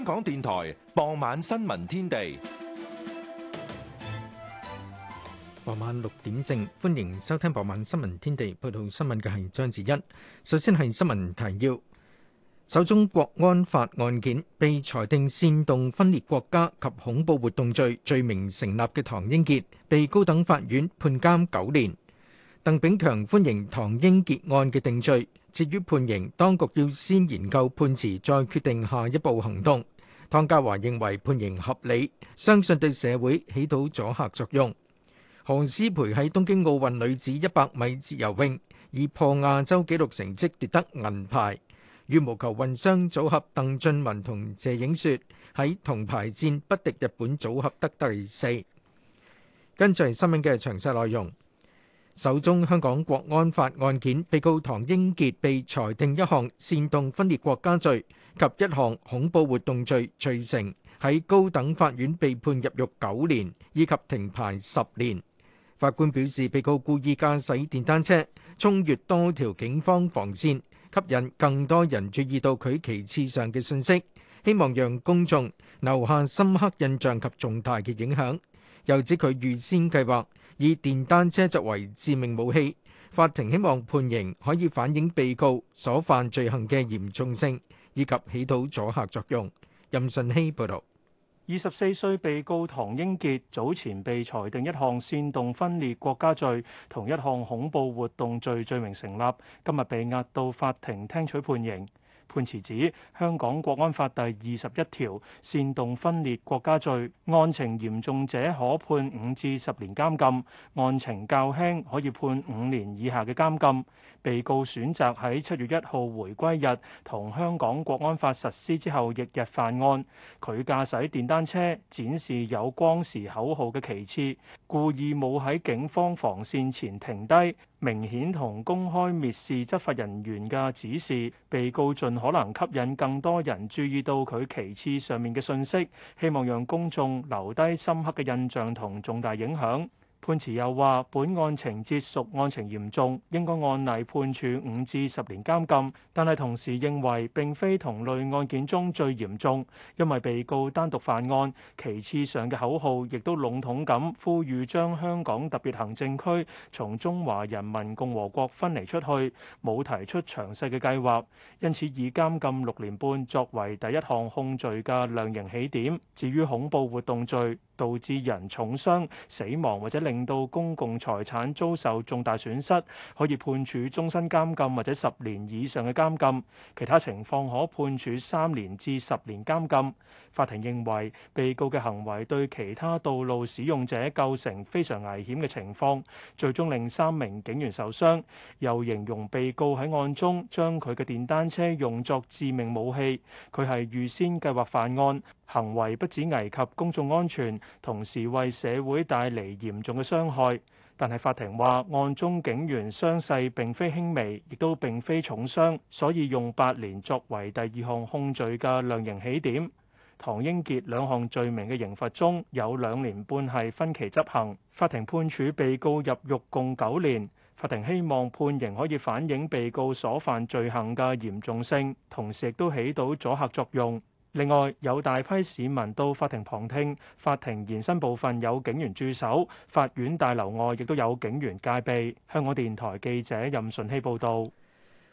香港電台傍晚新聞天地，傍晚六點正，歡迎收聽傍晚新聞天地。報道新聞嘅係張志欣。首先係新聞提要，首宗國安法案件被裁定煽動分裂國家及恐怖活動罪罪名成立嘅唐英傑，被高等法院判監九年。鄧炳強歡迎唐英傑案嘅定罪，至於判刑，當局要先研究判詞，再決定下一步行動。湯家驊認為判刑合理，相信對社會起到阻吓作用。何詩蓓喺東京奧運女子一百米自由泳以破亞洲紀錄成績奪得銀牌。羽毛球混雙組合鄧俊文同謝影雪喺銅牌戰不敵日本組合得第四。跟住係新聞嘅詳細內容。首宗香港國安法案件，被告唐英傑被裁定一項煽動分裂國家罪及一項恐怖活動罪，罪成喺高等法院被判入獄九年，以及停牌十年。法官表示，被告故意駕駛電單車衝越多條警方防線，吸引更多人注意到佢旗幟上嘅信息，希望讓公眾留下深刻印象及重大嘅影響。又指佢預先計劃。以電單車作為致命武器，法庭希望判刑可以反映被告所犯罪行嘅嚴重性，以及起到阻嚇作用。任舜熙報導，二十四歲被告唐英傑早前被裁定一項煽動分裂國家罪，同一項恐怖活動罪罪名成立，今日被押到法庭聽取判刑。判詞指香港國安法第二十一條煽動分裂國家罪，案情嚴重者可判五至十年監禁，案情較輕可以判五年以下嘅監禁。被告選擇喺七月一號回歸日同香港國安法實施之後翌日犯案，佢駕駛電單車展示有光時口號嘅旗幟，故意冇喺警方防線前停低，明顯同公開蔑視執法人員嘅指示。被告盡可能吸引更多人注意到佢旗幟上面嘅信息，希望讓公眾留低深刻嘅印象同重大影響。判詞又話，本案情節屬案情嚴重，應該按例判處五至十年監禁，但係同時認為並非同類案件中最嚴重，因為被告單獨犯案，其次上嘅口號亦都籠統咁呼籲將香港特別行政區從中華人民共和國分離出去，冇提出詳細嘅計劃，因此以監禁六年半作為第一項控罪嘅量刑起點。至於恐怖活動罪，導致人重傷、死亡，或者令到公共財產遭受重大損失，可以判處終身監禁，或者十年以上嘅監禁。其他情況可判處三年至十年監禁。法庭認為被告嘅行為對其他道路使用者構成非常危險嘅情況，最終令三名警員受傷。又形容被告喺案中將佢嘅電單車用作致命武器，佢係預先計劃犯案，行為不止危及公眾安全，同時為社會帶嚟嚴重嘅傷害。但係法庭話，案中警員傷勢並非輕微，亦都並非重傷，所以用八年作為第二項控罪嘅量刑起點。唐英傑兩項罪名嘅刑罰中有兩年半係分期執行，法庭判處被告入獄共九年。法庭希望判刑可以反映被告所犯罪行嘅嚴重性，同時亦都起到阻嚇作用。另外，有大批市民到法庭旁聽，法庭延伸部分有警員駐守，法院大樓外亦都有警員戒備。香港電台記者任順希報道。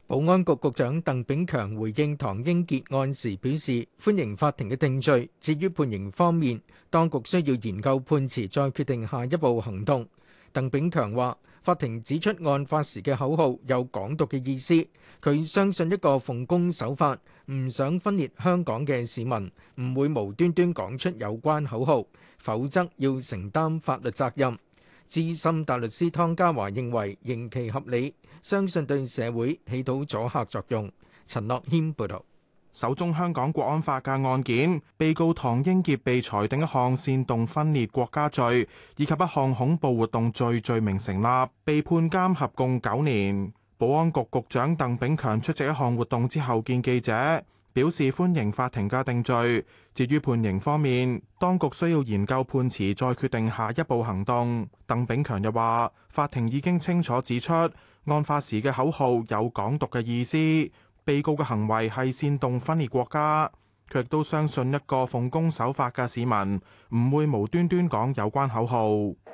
保安局局長鄧炳強回應唐英杰案時表示，歡迎法庭嘅定罪。至於判刑方面，當局需要研究判詞，再決定下一步行動。鄧炳強話，法庭指出案發時嘅口號有港獨嘅意思。佢相信一個奉公守法，唔想分裂香港嘅市民，唔會無端端講出有關口號，否則要承擔法律責任。資深大律師湯家驊認為刑期合理，相信對社會起到阻嚇作用。陳樂謙報道。首宗香港國安法嘅案件，被告唐英傑被裁定一項煽動分裂國家罪以及一項恐怖活動罪罪名成立，被判監合共九年。保安局局長鄧炳強出席一項活動之後見記者。表示歡迎法庭嘅定罪。至於判刑方面，當局需要研究判詞，再決定下一步行動。鄧炳強又話：法庭已經清楚指出，案發時嘅口號有港獨嘅意思，被告嘅行為係煽動分裂國家。佢亦都相信一個奉公守法嘅市民唔會無端端講有關口號。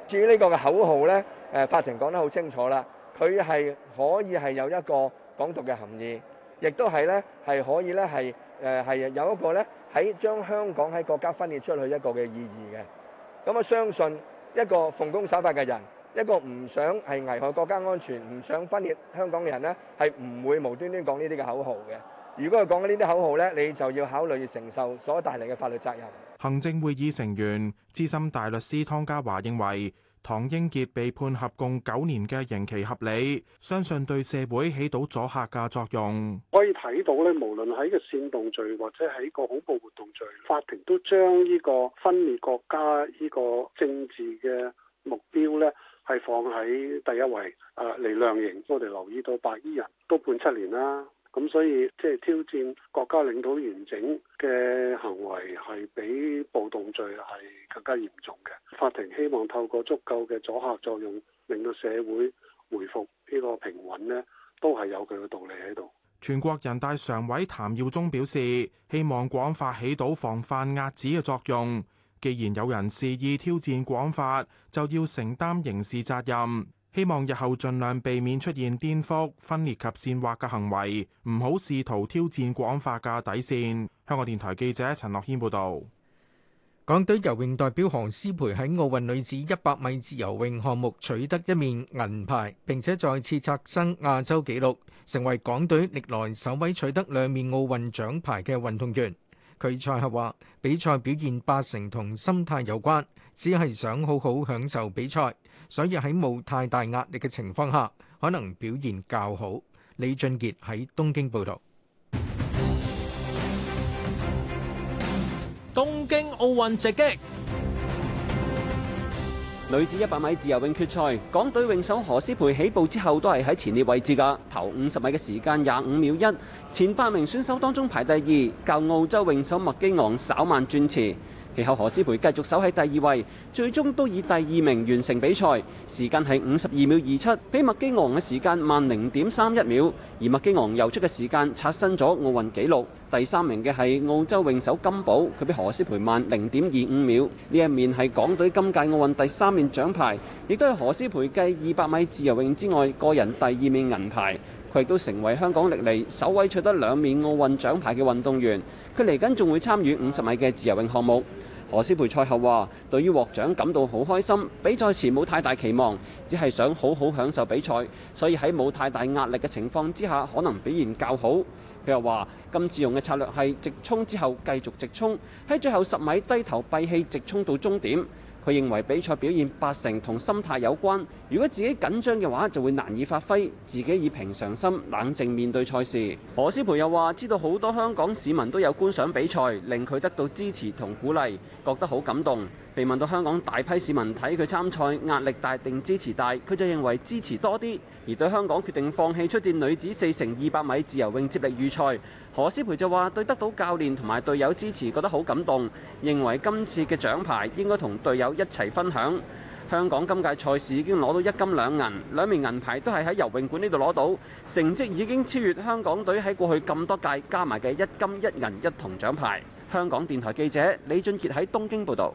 至於呢個嘅口號呢，誒法庭講得好清楚啦，佢係可以係有一個港獨嘅含義。亦都係咧，係可以咧，係誒係有一個咧喺將香港喺國家分裂出去一個嘅意義嘅。咁啊，我相信一個奉公守法嘅人，一個唔想係危害國家安全、唔想分裂香港嘅人咧，係唔會無端端講呢啲嘅口號嘅。如果佢講緊呢啲口號咧，你就要考慮要承受所帶嚟嘅法律責任。行政會議成員資深大律師湯家華認為，唐英傑被判合共九年嘅刑期合理，相信對社會起到阻嚇嘅作用。可以睇到咧，無論喺個煽動罪或者喺個恐怖活動罪，法庭都將呢個分裂國家呢個政治嘅目標咧，係放喺第一位。誒，嚟量刑，我哋留意到白衣人都判七年啦。咁所以即係挑戰國家領土完整嘅行為，係比暴動罪係更加嚴重嘅。法庭希望透過足夠嘅阻嚇作用，令到社會回復呢個平穩咧，都係有佢嘅道理喺度。全國人大常委譚耀宗表示，希望廣法起到防範壓止嘅作用。既然有人肆意挑戰廣法，就要承擔刑事責任。希望日後盡量避免出現顛覆、分裂及煽惑嘅行為，唔好試圖挑戰國安法嘅底線。香港電台記者陳樂軒報道，港隊游泳代表何詩蓓喺奧運女子一百米自由泳項目取得一面銀牌，並且再次刷新亞洲紀錄，成為港隊歷來首位取得兩面奧運獎牌嘅運動員。佢賽後話：比賽表現八成同心態有關，只係想好好享受比賽。所以喺冇太大壓力嘅情況下，可能表現較好。李俊傑喺東京報導。東京奧運直擊，女子一百米自由泳決賽，港隊泳手何詩蓓起步之後都係喺前列位置㗎，頭五十米嘅時間廿五秒一，前八名選手當中排第二，較澳洲泳手麥基昂稍慢轉池。其後何詩蓓繼續守喺第二位，最終都以第二名完成比賽，時間係五十二秒二七，比麥基昂嘅時間慢零點三一秒，而麥基昂游出嘅時間刷新咗奧運紀錄。第三名嘅係澳洲泳手金寶，佢比何詩蓓慢零點二五秒。呢一面係港隊今屆奧運第三面獎牌，亦都係何詩蓓繼二百米自由泳之外個人第二面銀牌。佢亦都成為香港歷嚟首位取得兩面奧運獎牌嘅運動員。佢嚟緊仲會參與五十米嘅自由泳項目。何詩蓓賽後話，對於獲獎感到好開心，比賽前冇太大期望，只係想好好享受比賽，所以喺冇太大壓力嘅情況之下，可能表現較好。佢又話，今次用嘅策略係直衝之後繼續直衝，喺最後十米低頭閉氣直衝到終點。佢認為比賽表現八成同心態有關，如果自己緊張嘅話，就會難以發揮。自己以平常心冷靜面對賽事。何詩蓓又話：知道好多香港市民都有觀賞比賽，令佢得到支持同鼓勵，覺得好感動。被問到香港大批市民睇佢參賽壓力大定支持大，佢就認為支持多啲。而對香港決定放棄出戰女子四乘二百米自由泳接力預賽，何詩蓓就話：對得到教練同埋隊友支持，覺得好感動，認為今次嘅獎牌應該同隊友一齊分享。香港今屆賽事已經攞到一金兩銀，兩名銀牌都係喺游泳館呢度攞到，成績已經超越香港隊喺過去咁多屆加埋嘅一金一銀一銅獎牌。香港電台記者李俊傑喺東京報導。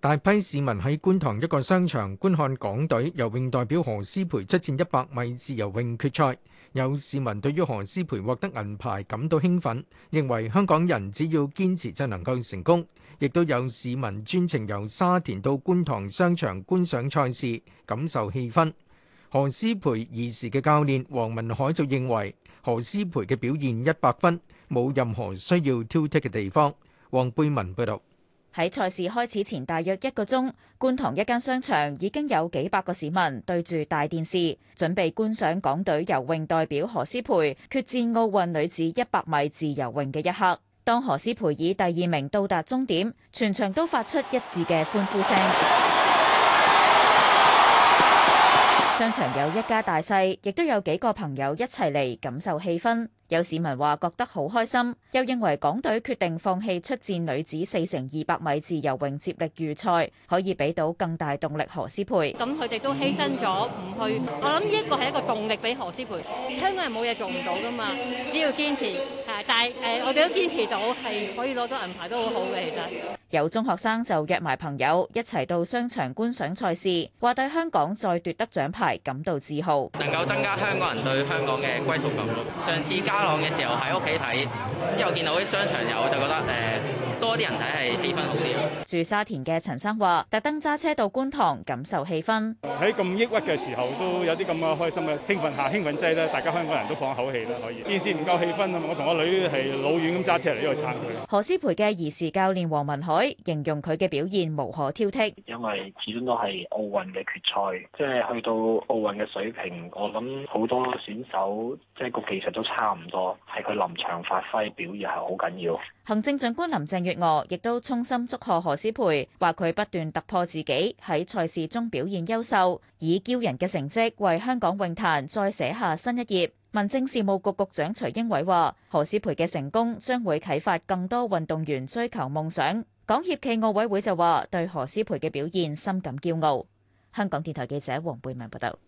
大批市民喺觀塘一個商場觀看港隊游泳代表何詩蓓出戰一百米自由泳決賽，有市民對於何詩蓓獲得銀牌感到興奮，認為香港人只要堅持就能夠成功。亦都有市民專程由沙田到觀塘商場觀賞賽事，感受氣氛。何詩蓓兒時嘅教練黃文海就認為何詩蓓嘅表現一百分，冇任何需要挑剔嘅地方。黃貝文報道。喺賽事開始前大約一個鐘，觀塘一間商場已經有幾百個市民對住大電視，準備觀賞港隊游泳代表何詩蓓決戰奧運女子一百米自由泳嘅一刻。當何詩蓓以第二名到達終點，全場都發出一致嘅歡呼聲。商場有一家大細，亦都有幾個朋友一齊嚟感受氣氛。有市民話覺得好開心，又認為港隊決定放棄出戰女子四乘二百米自由泳接力預賽，可以俾到更大動力何詩蓓。咁佢哋都犧牲咗唔去，我諗呢一個係一個動力俾何詩蓓。香港人冇嘢做唔到㗎嘛，只要堅持。但係誒、呃，我哋都堅持到係可以攞到銀牌都好好嘅，其實。有中學生就約埋朋友一齊到商場觀賞賽事，話對香港再奪得獎牌感到自豪，能夠增加香港人對香港嘅歸屬感咯。上次家朗嘅時候喺屋企睇，之後見到啲商場有，就覺得誒。呃多啲人睇係氣氛好啲。住沙田嘅陳生話，特登揸車到觀塘感受氣氛。喺咁抑鬱嘅時候，都有啲咁嘅開心嘅興奮下，興奮劑咧，大家香港人都放一口氣啦，可以。電視唔夠氣氛啊嘛，我同個女係老遠咁揸車嚟呢度撐佢。何詩蓓嘅兒時教練黃文凱形容佢嘅表現無可挑剔。因為始終都係奧運嘅決賽，即係去到奧運嘅水平，我諗好多選手即係個技術都差唔多，係佢臨場發揮表現係好緊要。行政長官林鄭月娥亦都衷心祝賀何詩蓓，話佢不斷突破自己，喺賽事中表現優秀，以驕人嘅成績為香港泳壇再寫下新一頁。民政事務局局，局長徐英偉話：何詩蓓嘅成功將會啟發更多運動員追求夢想。港協暨奧委會就話對何詩蓓嘅表現深感驕傲。香港電台記者黃貝文報道。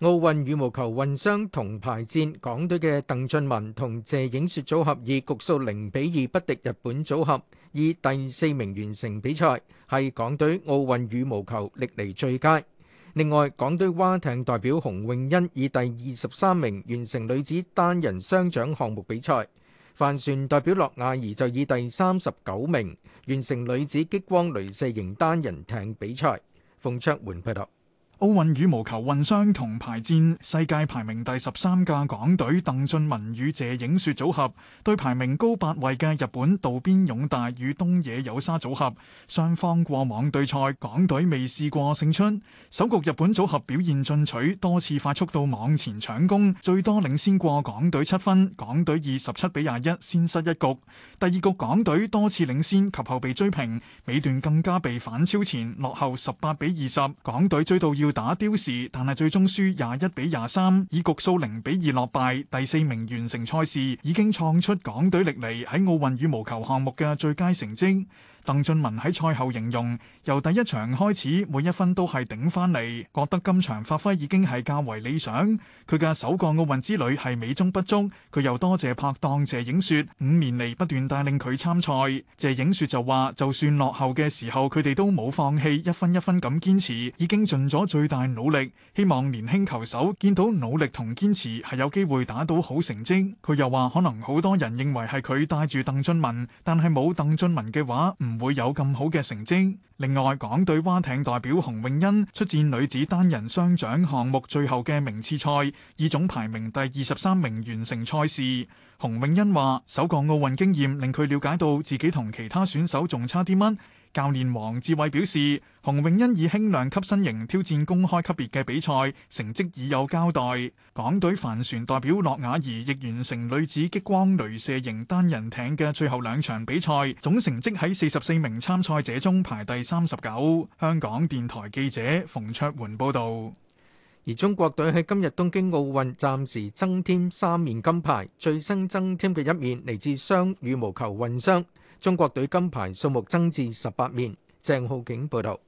奧運羽毛球混雙銅牌戰，港隊嘅鄧俊文同謝影雪組合以局數零比二不敵日本組合，以第四名完成比賽，係港隊奧運羽毛球歷嚟最佳。另外，港隊蛙艇代表洪詠欣以第二十三名完成女子單人雙槳項目比賽，帆船代表駱雅怡就以第三十九名完成女子激光雷射型單人艇比賽。馮卓煥報道。奧運羽毛球混雙銅牌戰，世界排名第十三嘅港隊鄧俊文與謝影雪組合，對排名高八位嘅日本渡邊勇大與東野有沙組合。雙方過往對賽，港隊未試過勝出。首局日本組合表現進取，多次快速到網前搶攻，最多領先過港隊七分。港隊十七比廿一先失一局。第二局港隊多次領先及後被追平，尾段更加被反超前落後十八比二十。港隊追到要打刁時，但係最終輸廿一比廿三，以局數零比二落敗，第四名完成賽事，已經創出港隊歷嚟喺奧運羽毛球項目嘅最佳成績。鄧俊文喺賽後形容，由第一場開始每一分都係頂翻嚟，覺得今場發揮已經係較為理想。佢嘅首個奧運之旅係美中不足，佢又多謝拍檔謝影雪五年嚟，不斷帶領佢參賽。謝影雪就話，就算落後嘅時候，佢哋都冇放棄，一分一分咁堅持，已經盡咗最大努力。希望年輕球手見到努力同堅持係有機會打到好成績。佢又話，可能好多人認為係佢帶住鄧俊文，但係冇鄧俊文嘅話唔。.會有咁好嘅成績。另外，港隊蛙艇代表洪永恩出戰女子單人雙槳項目最後嘅名次賽，以總排名第二十三名完成賽事。洪永恩話，首個奧運經驗令佢了解到自己同其他選手仲差啲乜。教練王志偉表示，洪永欣以輕量級身形挑戰公開級別嘅比賽，成績已有交代。港隊帆船代表駱雅兒亦完成女子激光鐳射型單人艇嘅最後兩場比賽，總成績喺四十四名參賽者中排第三十九。香港電台記者馮卓媛報道。而中國隊喺今日東京奧運暫時增添三面金牌，最新增添嘅一面嚟自雙羽毛球混雙。中國隊金牌數目增至十八面。鄭浩景報道：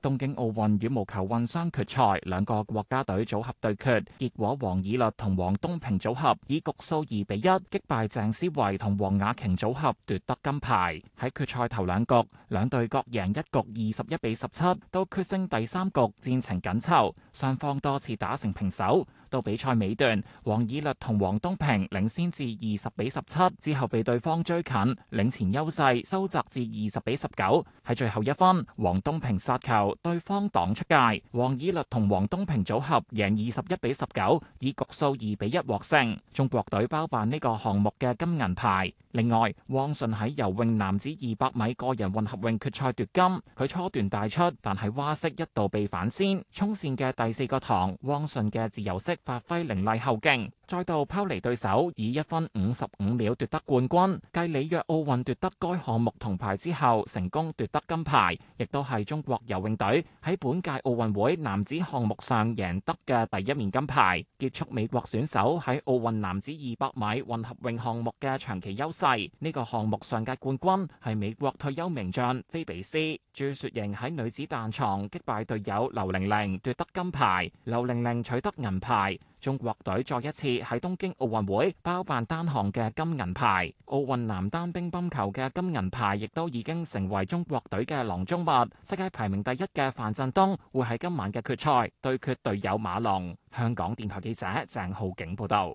東京奧運羽毛球混雙決賽，兩個國家隊組合對決，結果王以律同黃東平組合以局數二比一擊敗鄭思維同黃雅瓊組合，奪得金牌。喺決賽頭兩局，兩隊各贏一局，二十一比十七都決勝第三局，戰情緊湊，雙方多次打成平手。到比賽尾段，王以律同黃東平領先至二十比十七，之後被對方追近，領前優勢收窄至二十比十九，喺最後一分，黃東平殺球，對方擋出界，王以律同黃東平組合贏二十一比十九，以局數二比一獲勝。中國隊包辦呢個項目嘅金銀牌。另外，汪順喺游泳男子二百米個人混合泳決賽奪金，佢初段帶出，但係蛙式一度被反先，衝線嘅第四個堂，汪順嘅自由式，發揮凌厲後勁。再度拋離對手，以一分五十五秒奪得冠軍，繼里約奧運奪得該項目銅牌之後，成功奪得金牌，亦都係中國游泳隊喺本屆奧運會男子項目上贏得嘅第一面金牌，結束美國選手喺奧運男子二百米混合泳項目嘅長期優勢。呢個項目上屆冠軍係美國退休名將菲比斯。朱雪瑩喺女子彈床擊敗隊友劉玲玲奪得金牌，劉玲玲取得銀牌。中國隊再一次喺東京奧運會包辦單項嘅金銀牌，奧運男單乒乓球嘅金銀牌亦都已經成為中國隊嘅囊中物。世界排名第一嘅樊振東會喺今晚嘅決賽對決隊友馬龍。香港電台記者鄭浩景報道。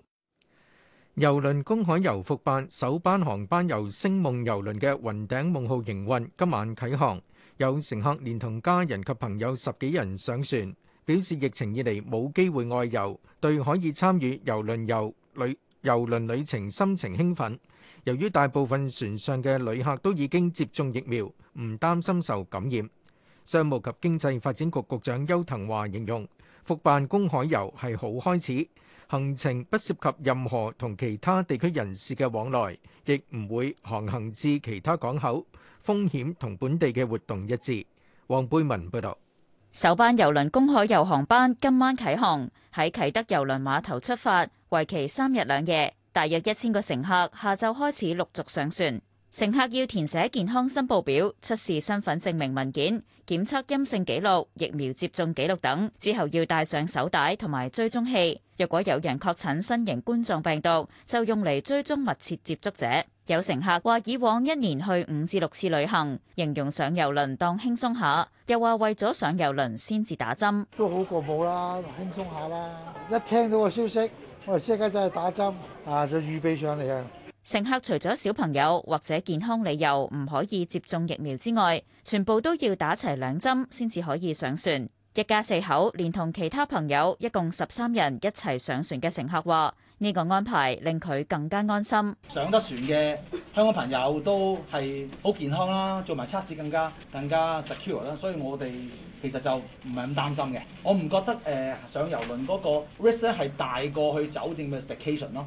郵輪公海遊復辦首班航班由星夢郵輪嘅雲頂夢號營運，今晚啓航，有乘客連同家人及朋友十幾人上船。表示疫情以嚟冇機會外遊，對可以參與郵輪遊旅郵輪旅程心情興奮。由於大部分船上嘅旅客都已經接種疫苗，唔擔心受感染。商務及經濟發展局局長邱騰華形容復辦公海遊係好開始。行程不涉及任何同其他地區人士嘅往來，亦唔會航行至其他港口，風險同本地嘅活動一致。黃貝文報導。首班郵輪公海遊航班今晚啟航，喺啟德郵輪碼頭出發，為期三日兩夜，大約一千個乘客下晝開始陸續上船。乘客要填寫健康申報表，出示身份證明文件、檢測陰性記錄、疫苗接種記錄等，之後要戴上手帶同埋追蹤器。若果有人確診新型冠狀病毒，就用嚟追蹤密切接觸者。有乘客話：以往一年去五至六次旅行，形容上遊輪當輕鬆下，又話為咗上遊輪先至打針，都好過冇啦，輕鬆下啦。一聽到個消息，我哋即刻走去打針，啊，就預備上嚟啊！乘客除咗小朋友或者健康理由唔可以接種疫苗之外，全部都要打齊兩針先至可以上船。一家四口連同其他朋友一共十三人一齊上船嘅乘客話。呢個安排令佢更加安心。上得船嘅香港朋友都係好健康啦，做埋測試更加更加 secure 啦，所以我哋其實就唔係咁擔心嘅。我唔覺得誒、呃、上郵輪嗰個 risk 咧係大過去酒店嘅 staycation 咯。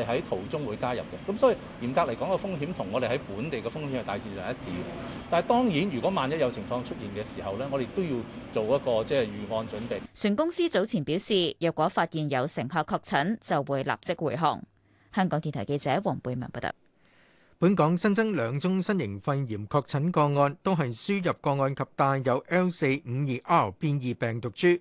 係喺途中會加入嘅，咁所以嚴格嚟講，個風險同我哋喺本地嘅風險係大致上一致嘅。但係當然，如果萬一有情況出現嘅時候呢，我哋都要做一個即係預案準備。船公司早前表示，若果發現有乘客確診，就會立即回航。香港電台記者黃貝文報道。本港新增兩宗新型肺炎確診個案，都係輸入個案及帶有 L 四五二 R 變異病毒株，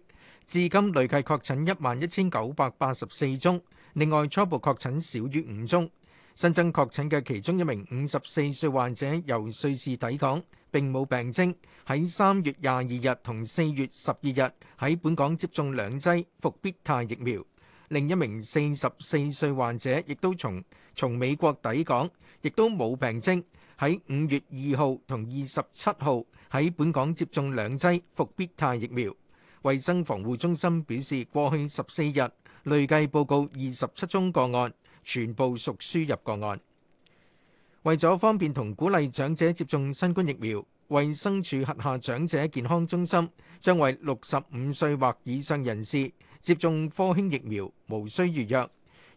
至今累計確診一萬一千九百八十四宗。另外，初步確診少於五宗，新增確診嘅其中一名五十四歲患者由瑞士抵港，並冇病徵，喺三月廿二日同四月十二日喺本港接種兩劑復必泰疫苗。另一名四十四歲患者亦都從從美國抵港，亦都冇病徵，喺五月二號同二十七號喺本港接種兩劑復必泰疫苗。衛生防護中心表示，過去十四日。累計報告二十七宗個案，全部屬輸入個案。為咗方便同鼓勵長者接種新冠疫苗，衛生署轄下長者健康中心將為六十五歲或以上人士接種科興疫苗，無需預約。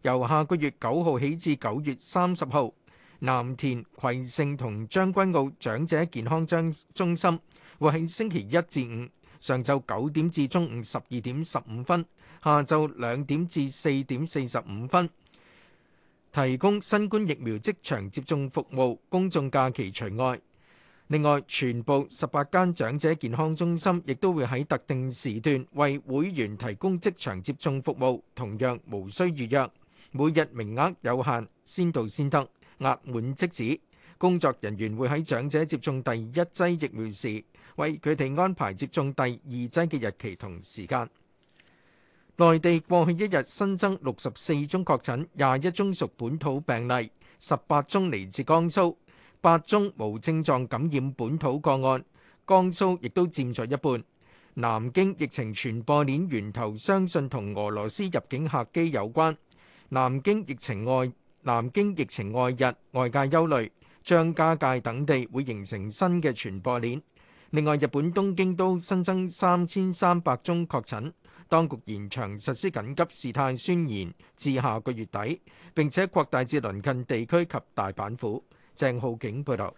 由下個月九號起至九月三十號，南田、葵盛同將軍澳長者健康張中心會喺星期一至五上晝九點至中午十二點十五分，下晝兩點至四點四十五分，提供新冠疫苗即場接種服務，公眾假期除外。另外，全部十八間長者健康中心亦都會喺特定時段為會員提供即場接種服務，同樣無需預約，每日名額有限，先到先得，額滿即止。工作人員會喺長者接種第一劑疫苗時，為佢哋安排接種第二劑嘅日期同時間。內地過去一日新增六十四宗確診，廿一宗屬本土病例，十八宗嚟自江蘇，八宗無症狀感染本土個案。江蘇亦都佔咗一半。南京疫情傳播鏈源頭，相信同俄羅斯入境客機有關。南京疫情外，南京疫情外日，外界憂慮，張家界等地會形成新嘅傳播鏈。另外，日本東京都新增三千三百宗確診。當局延長實施緊急事態宣言至下個月底，並且擴大至鄰近地區及大阪府。鄭浩景報道。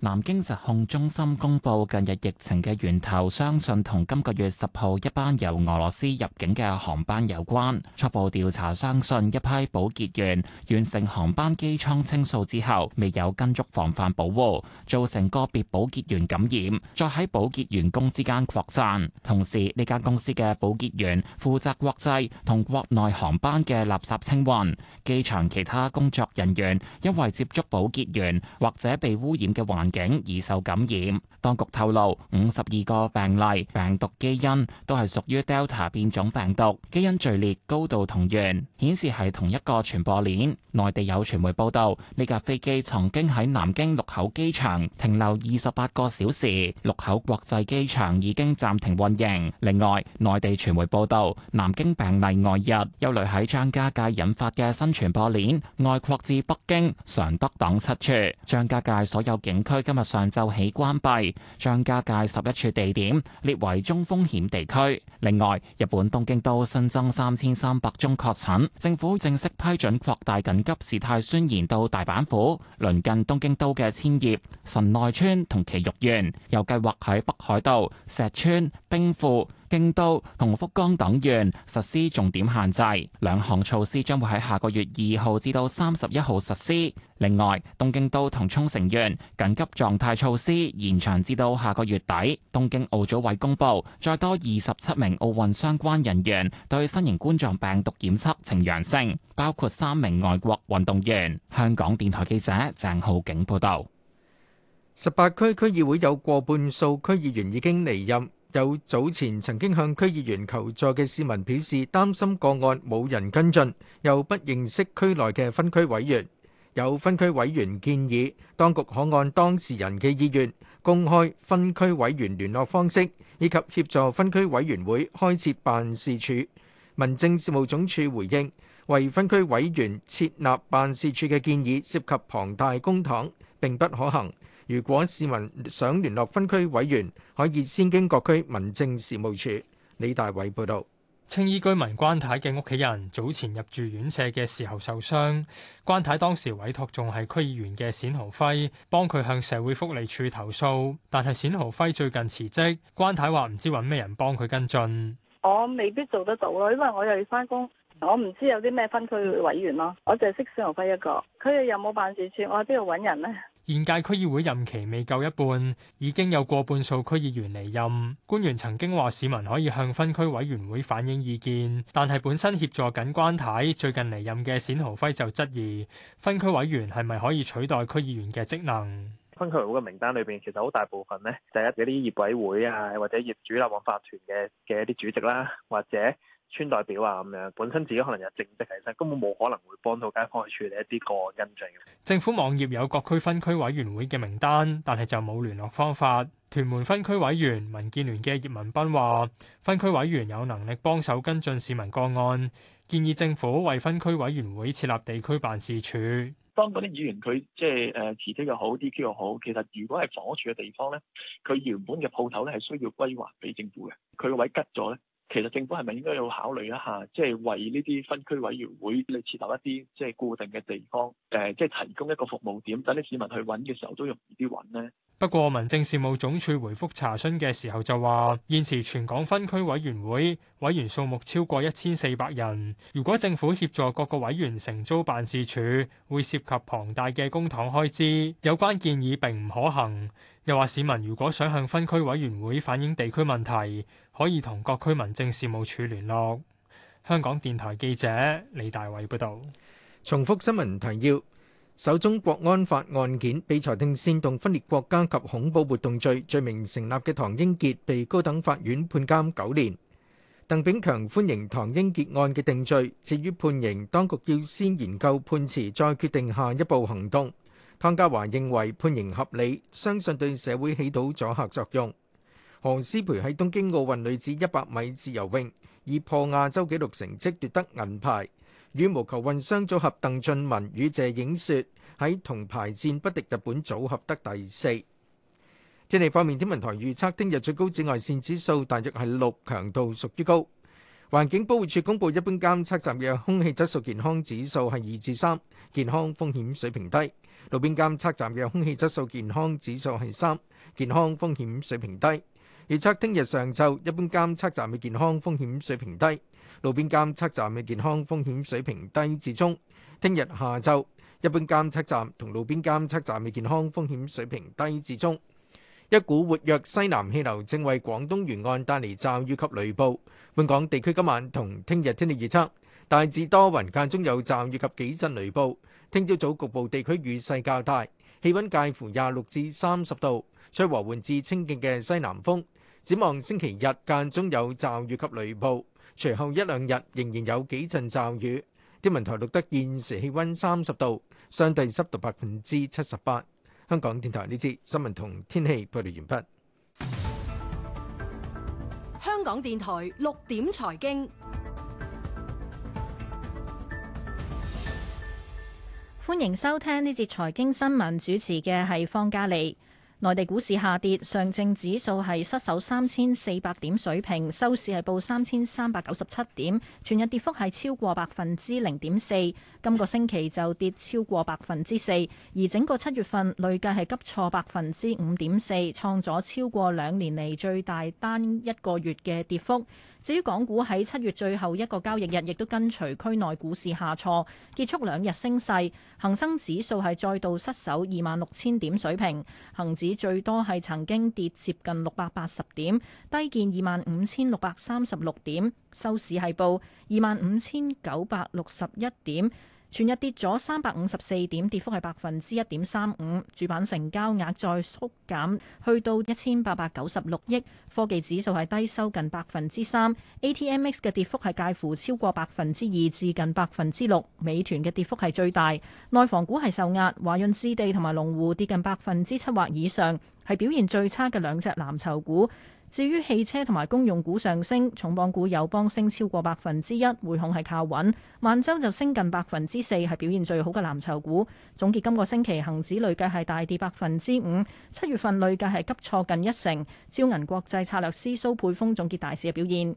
南京疾控中心公布近日疫情嘅源頭，相信同今個月十號一班由俄羅斯入境嘅航班有關。初步調查相信一批保潔員完成航班機艙清掃之後，未有跟足防範保護，造成個別保潔員感染，再喺保潔員工之間擴散。同時，呢間公司嘅保潔員負責國際同國內航班嘅垃圾清運，機場其他工作人員因為接觸保潔員或者被污染嘅環，境而受感染。當局透露五十二個病例病毒基因都係屬於 Delta 變種病毒，基因序列高度同源，顯示係同一個傳播鏈。內地有傳媒報道，呢架飛機曾經喺南京禄口機場停留二十八個小時，禄口國際機場已經暫停運營。另外，內地傳媒報道，南京病例外日憂慮喺張家界引發嘅新傳播鏈外擴至北京、常德等七處，張家界所有景區今日上晝起關閉，張家界十一處地點列為中風險地區。另外，日本東京都新增三千三百宗確診，政府正式批准擴大緊急事態宣言到大阪府，鄰近東京都嘅千葉、神奈川同埼玉縣，又計劃喺北海道石川、兵庫。京都同福岡等縣實施重點限制，兩項措施將會喺下個月二號至到三十一號實施。另外，東京都同沖繩縣緊急狀態措施延長至到下個月底。東京奧組委公布，再多二十七名奧運相關人員對新型冠狀病毒檢測呈陽性，包括三名外國運動員。香港電台記者鄭浩景報道。十八區區議會有過半數區議員已經離任。有早前曾經向區議員求助嘅市民表示擔心個案冇人跟進，又不認識區內嘅分區委員。有分區委員建議，當局可按當事人嘅意願公開分區委員聯絡方式，以及協助分區委員會開設辦事處。民政事務總署回應，為分區委員設立辦事處嘅建議涉及龐大公帑，並不可行。如果市民想聯絡分區委員，可以先經各區民政事務處。李大偉報導：青衣居民關太嘅屋企人早前入住院舍嘅時候受傷，關太當時委託仲係區議員嘅冼豪輝幫佢向社會福利署投訴，但係冼豪輝最近辭職，關太話唔知揾咩人幫佢跟進。我未必做得到咯，因為我又要翻工，我唔知有啲咩分區委員咯，我淨係識冼豪輝一個，佢哋又冇辦事處，我喺邊度揾人呢？現屆區議會任期未夠一半，已經有過半數區議員離任。官員曾經話市民可以向分區委員會反映意見，但係本身協助緊關太最近離任嘅冼豪輝就質疑分區委員係咪可以取代區議員嘅職能？分區委員會嘅名單裏邊其實好大部分呢，就係一啲業委會啊或者業主立案法團嘅嘅一啲主席啦或者。村代表啊，咁樣本身自己可能有正職，其實根本冇可能會幫到街坊去處理一啲個案恩怨。政府網頁有各區分區委員會嘅名單，但係就冇聯絡方法。屯門分區委員民建聯嘅葉文斌話，分區委員有能力幫手跟進市民個案，建議政府為分區委員會設立地區辦事處。當嗰啲議員佢即係誒辭職又好，DQ 又好，其實如果係房屋處嘅地方咧，佢原本嘅鋪頭咧係需要歸還俾政府嘅，佢個位吉咗咧。其實政府係咪應該要考慮一下，即係為呢啲分區委員會，嚟設立一啲即係固定嘅地方，誒，即係提供一個服務點，等啲市民去揾嘅時候都容易啲揾呢？不過民政事務總署回覆查詢嘅時候就話，現時全港分區委員會委員數目超過一千四百人，如果政府協助各個委員承租辦事處，會涉及龐大嘅公帑開支，有關建議並唔可行。又話市民如果想向分區委員會反映地區問題，可以同各區民政事務處聯絡。香港電台記者李大偉報導。重複新聞提要：首宗國安法案件被裁定煽動分裂國家及恐怖活動罪罪名成立嘅唐英傑，被高等法院判監九年。鄧炳強歡迎唐英傑案嘅定罪，至於判刑，當局要先研究判詞，再決定下一步行動。湯家驊認為判刑合理，相信對社會起到阻嚇作用。何詩蓓喺東京奧運女子一百米自由泳以破亞洲紀錄成績奪得銀牌。羽毛球混雙組合鄧俊文與謝影雪喺銅牌戰不敵日本組合得第四。天氣方面，天文台預測聽日最高紫外線指數大約係六，強度屬於高。環境保護署公布一般監測站嘅空氣質素健康指數係二至三，健康風險水平低。路邊監測站嘅空氣質素健康指數係三，健康風險水平低。預測聽日上晝一般監測站嘅健康風險水平低，路邊監測站嘅健康風險水平低至中。聽日下晝一般監測站同路邊監測站嘅健康風險水平低至中。一股活躍西南氣流正為廣東沿岸帶嚟驟雨及雷暴。本港地區今晚同聽日天氣預測大致多雲，間中有驟雨及幾陣雷暴。聽朝早局部地區雨勢較大，氣温介乎廿六至三十度，吹和緩至清勁嘅西南風。展望星期日間中有驟雨及雷暴，隨後一兩日仍然有幾陣驟雨。天文台錄得現時氣溫三十度，相對濕度百分之七十八。香港電台呢節新聞同天氣報道完畢。香港電台六點財經，歡迎收聽呢節財經新聞，主持嘅係方嘉利。內地股市下跌，上證指數係失守三千四百點水平，收市係報三千三百九十七點，全日跌幅係超過百分之零點四。今個星期就跌超過百分之四，而整個七月份累計係急挫百分之五點四，創咗超過兩年嚟最大單一個月嘅跌幅。至於港股喺七月最後一個交易日，亦都跟隨區內股市下挫，結束兩日升勢。恒生指數係再度失守二萬六千點水平，恒指最多係曾經跌接近六百八十點，低見二萬五千六百三十六點，收市係報二萬五千九百六十一點。全日跌咗三百五十四點，跌幅係百分之一點三五。主板成交額再縮減，去到一千八百九十六億。科技指數係低收近百分之三。ATMX 嘅跌幅係介乎超過百分之二至近百分之六。美團嘅跌幅係最大。內房股係受壓，華潤置地同埋龍湖跌近百分之七或以上，係表現最差嘅兩隻藍籌股。至於汽車同埋公用股上升，重磅股友邦升超過百分之一，匯控係靠穩，萬洲就升近百分之四，係表現最好嘅藍籌股。總結今個星期恒指累計係大跌百分之五，七月份累計係急挫近一成。招銀國際策略師蘇佩峰總結大市嘅表現。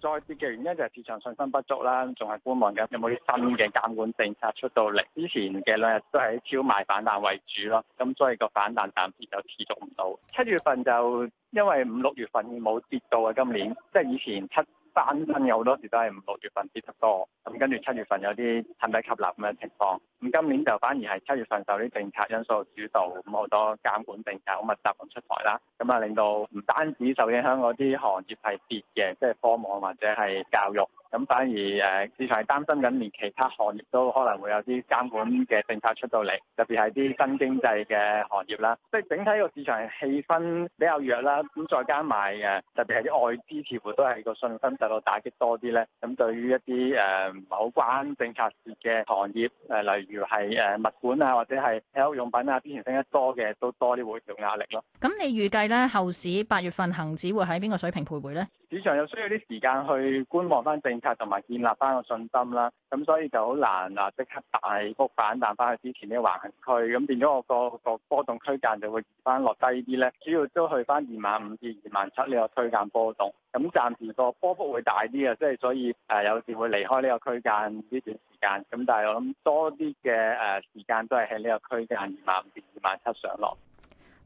再跌嘅原因就係市場信心不足啦，仲係觀望緊，有冇啲新嘅監管政策出到嚟？之前嘅兩日都係喺超賣反彈為主咯，咁所以個反彈暫時就持續唔到。七月份就因為五六月份冇跌到啊，今年即係以前七。單身有好多時都係五六月份跌得多，咁跟住七月份有啲趁低吸納咁嘅情況，咁今年就反而係七月份受啲政策因素主導，咁好多監管政策好密集咁出台啦，咁啊令到唔單止受影響嗰啲行業係跌嘅，即係科網或者係教育。咁反而誒，市場係擔心緊，連其他行業都可能會有啲監管嘅政策出到嚟，特別係啲新經濟嘅行業啦。即係整體個市場氣氛比較弱啦。咁再加埋誒，特別係啲外資似乎都係個信心受到打擊多啲咧。咁對於一啲誒某關政策涉嘅行業，誒例如係誒物管啊，或者係體育用品啊，之前升得多嘅都多啲會有壓力咯。咁你預計咧後市八月份恆指會喺邊個水平徘徊咧？市場又需要啲時間去觀望翻政策。同埋建立翻個信心啦，咁所以就好難啊，即刻大幅反彈翻去之前呢個橫行區，咁變咗我個個波動區間就會移翻落低啲咧。主要都去翻二萬五至二萬七呢個區間波動。咁暫時個波幅會大啲啊，即係所以誒有時會離開呢個區間呢段時間。咁但係我諗多啲嘅誒時間都係喺呢個區間二萬五至二萬七上落。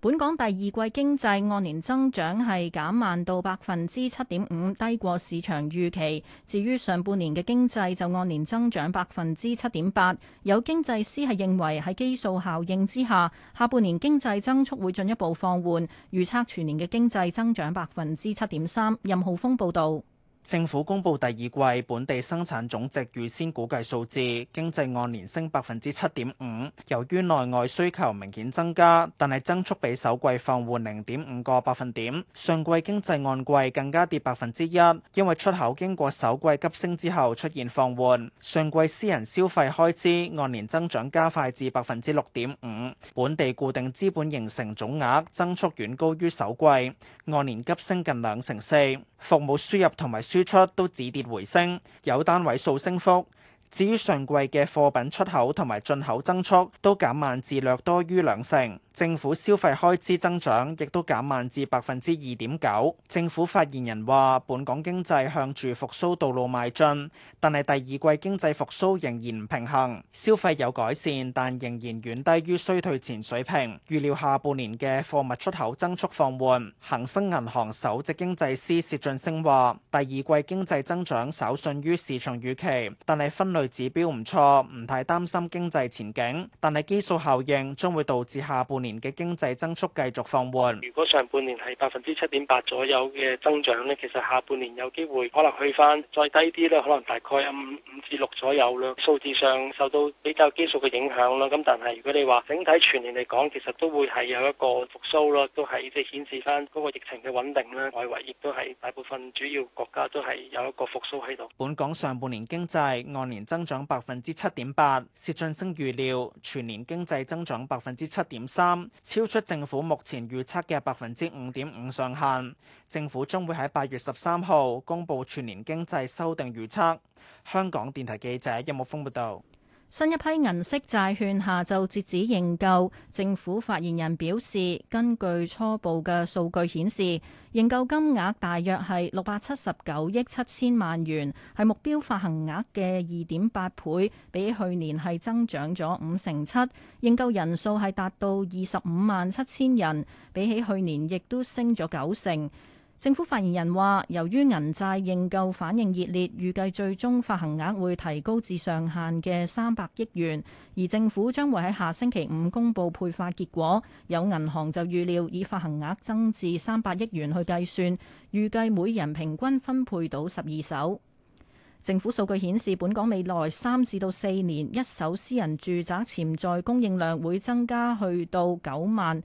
本港第二季經濟按年增長係減慢到百分之七點五，低過市場預期。至於上半年嘅經濟就按年增長百分之七點八。有經濟師係認為喺基數效應之下，下半年經濟增速會進一步放緩，預測全年嘅經濟增長百分之七點三。任浩峰報道。政府公布第二季本地生產總值預先估計數字，經濟按年升百分之七點五。由於內外需求明顯增加，但係增速比首季放緩零點五個百分點。上季經濟按季更加跌百分之一，因為出口經過首季急升之後出現放緩。上季私人消費開支按年增長加快至百分之六點五。本地固定資本形成總額增速遠高於首季，按年急升近兩成四。服務輸入同埋輸出都止跌回升，有單位數升幅。至於上季嘅貨品出口同埋進口增速，都減慢至略多於兩成。政府消費開支增長亦都減慢至百分之二點九。政府發言人話：本港經濟向住復甦道路邁進，但係第二季經濟復甦仍然唔平衡。消費有改善，但仍然遠低於衰退前水平。預料下半年嘅貨物出口增速放緩。恒生銀行首席經濟師薛俊升話：第二季經濟增長稍遜於市場預期，但係分類指標唔錯，唔太擔心經濟前景。但係基數效應將會導致下半年嘅經濟增速繼續放緩。如果上半年係百分之七點八左右嘅增長呢，其實下半年有機會可能去翻再低啲啦，可能大概五五至六左右啦。數字上受到比較基數嘅影響啦。咁但係如果你話整體全年嚟講，其實都會係有一個復甦啦，都係即係顯示翻嗰個疫情嘅穩定啦。外圍亦都係大部分主要國家都係有一個復甦喺度。本港上半年經濟按年增長百分之七點八，薛俊升預料全年經濟增長百分之七點三。超出政府目前預測嘅百分之五點五上限，政府將會喺八月十三號公佈全年經濟修訂預測。香港電台記者任木豐報道。新一批銀色債券下晝截止認購，政府發言人表示，根據初步嘅數據顯示，認購金額大約係六百七十九億七千萬元，係目標發行額嘅二點八倍，比去年係增長咗五成七，認購人數係達到二十五萬七千人，比起去年亦都升咗九成。政府發言人話，由於銀債認購反應熱烈，預計最終發行額會提高至上限嘅三百億元，而政府將會喺下星期五公布配發結果。有銀行就預料，以發行額增至三百億元去計算，預計每人平均分配到十二手。政府數據顯示，本港未來三至到四年，一手私人住宅潛在供應量會增加去到九萬。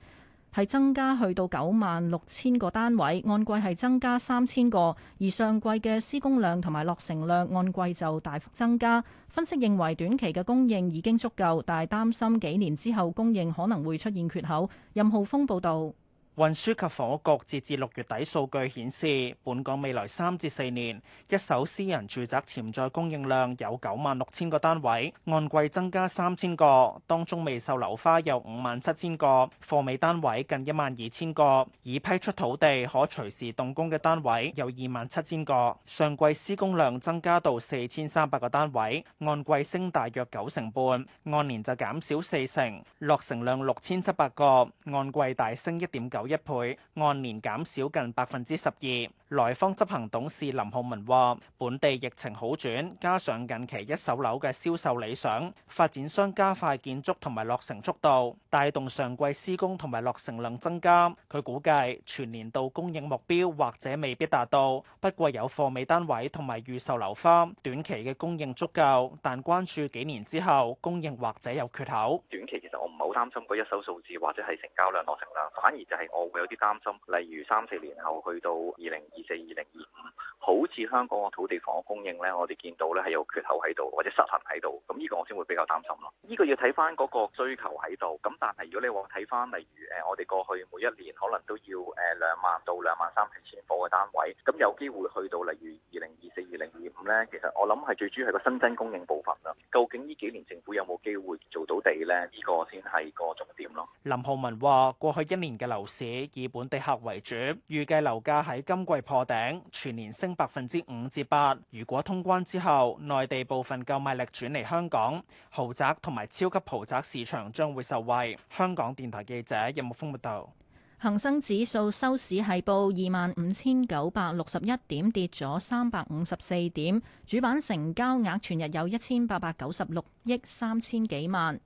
係增加去到九萬六千個單位，按季係增加三千個，而上季嘅施工量同埋落成量按季就大幅增加。分析認為短期嘅供應已經足夠，但係擔心幾年之後供應可能會出現缺口。任浩峰報道。運輸及房屋局截至六月底數據顯示，本港未來三至四年一手私人住宅潛在供應量有九萬六千個單位，按季增加三千個，當中未售樓花有五萬七千個，貨尾單位近一萬二千個，已批出土地可隨時動工嘅單位有二萬七千個，上季施工量增加到四千三百個單位，按季升大約九成半，按年就減少四成，落成量六千七百個，按季大升一點九。一倍，按年減少近百分之十二。來方執行董事林浩文話，本地疫情好轉，加上近期一手樓嘅銷售理想，發展商加快建築同埋落成速度，帶動上季施工同埋落成量增加。佢估計全年度供應目標或者未必達到，不過有貨尾單位同埋預售樓花，短期嘅供應足夠，但關注幾年之後供應或者有缺口。短期其實我唔係好擔心嗰一手數字或者係成交量落成啦，反而就係。我會有啲擔心，例如三四年後去到二零二四、二零二五，好似香港個土地房屋供應呢，我哋見到呢係有缺口喺度，或者失衡喺度，咁呢個我先會比較擔心咯。呢個要睇翻嗰個需求喺度，咁但係如果你話睇翻例如誒我哋過去每一年可能都要誒兩萬到兩萬三千伙嘅單位，咁有機會去到例如二零二四、二零二五呢。其實我諗係最主要係個新增供應部分啦。究竟呢幾年政府有冇機會做到地呢？呢個先係個重點咯。林浩文話：過去一年嘅樓市。以本地客為主，預計樓價喺今季破頂，全年升百分之五至八。如果通關之後，內地部分購買力轉嚟香港，豪宅同埋超級豪宅市場將會受惠。香港電台記者任木鋒報道。有有恒生指數收市係報二萬五千九百六十一點，跌咗三百五十四點。主板成交額全日有一千八百九十六億三千幾萬。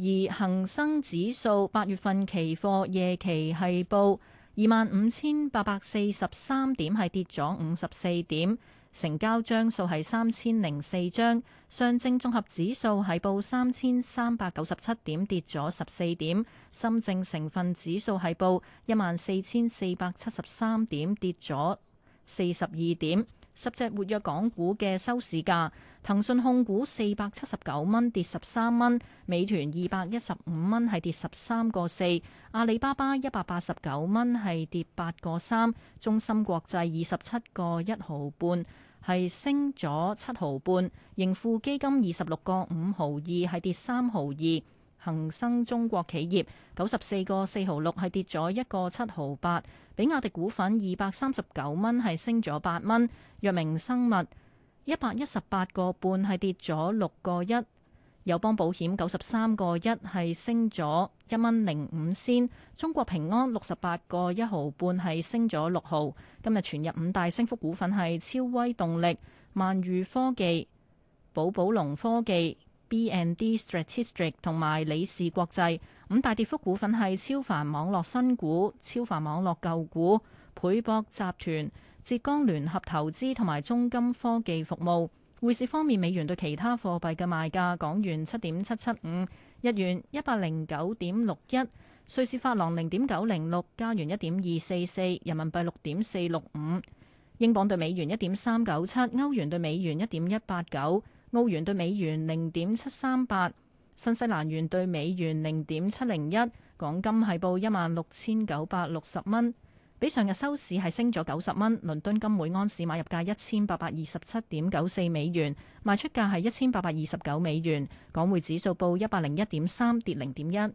而恒生指數八月份期貨夜期係報二萬五千八百四十三點，係跌咗五十四點，成交張數係三千零四張。上證綜合指數係報三千三百九十七點，跌咗十四點。深證成分指數係報一萬四千四百七十三點，跌咗四十二點。十隻活躍港股嘅收市價。騰訊控股四百七十九蚊，跌十三蚊；美團二百一十五蚊，係跌十三個四；阿里巴巴一百八十九蚊，係跌八個三；中芯國際二十七個一毫半，係升咗七毫半；盈富基金二十六個五毫二，係跌三毫二；恒生中國企業九十四個四毫六，係跌咗一個七毫八；比亞迪股份二百三十九蚊，係升咗八蚊；藥明生物。一百一十八個半，係跌咗六個一，友邦保險九十三個一，係升咗一蚊零五仙，中國平安六十八個一毫半，係升咗六毫。今日全日五大升幅股份係超威動力、萬裕科技、寶寶龍科技、BND Strategic 同埋理士國際。五大跌幅股份係超凡網絡新股、超凡網絡舊股、倍博集團。浙江聯合投資同埋中金科技服務。匯市方面，美元對其他貨幣嘅賣價：港元七點七七五，日元一百零九點六一，瑞士法郎零點九零六，加元一點二四四，人民幣六點四六五，英鎊兌美元一點三九七，歐元兌美元一點一八九，澳元兌美元零點七三八，新西蘭元兌美元零點七零一。港金係報一萬六千九百六十蚊，比上日收市係升咗九十蚊，倫敦金每安士買入價一千八百二十七點九四美元，賣出價係一千八百二十九美元，港匯指數報一百零一點三，跌零點一。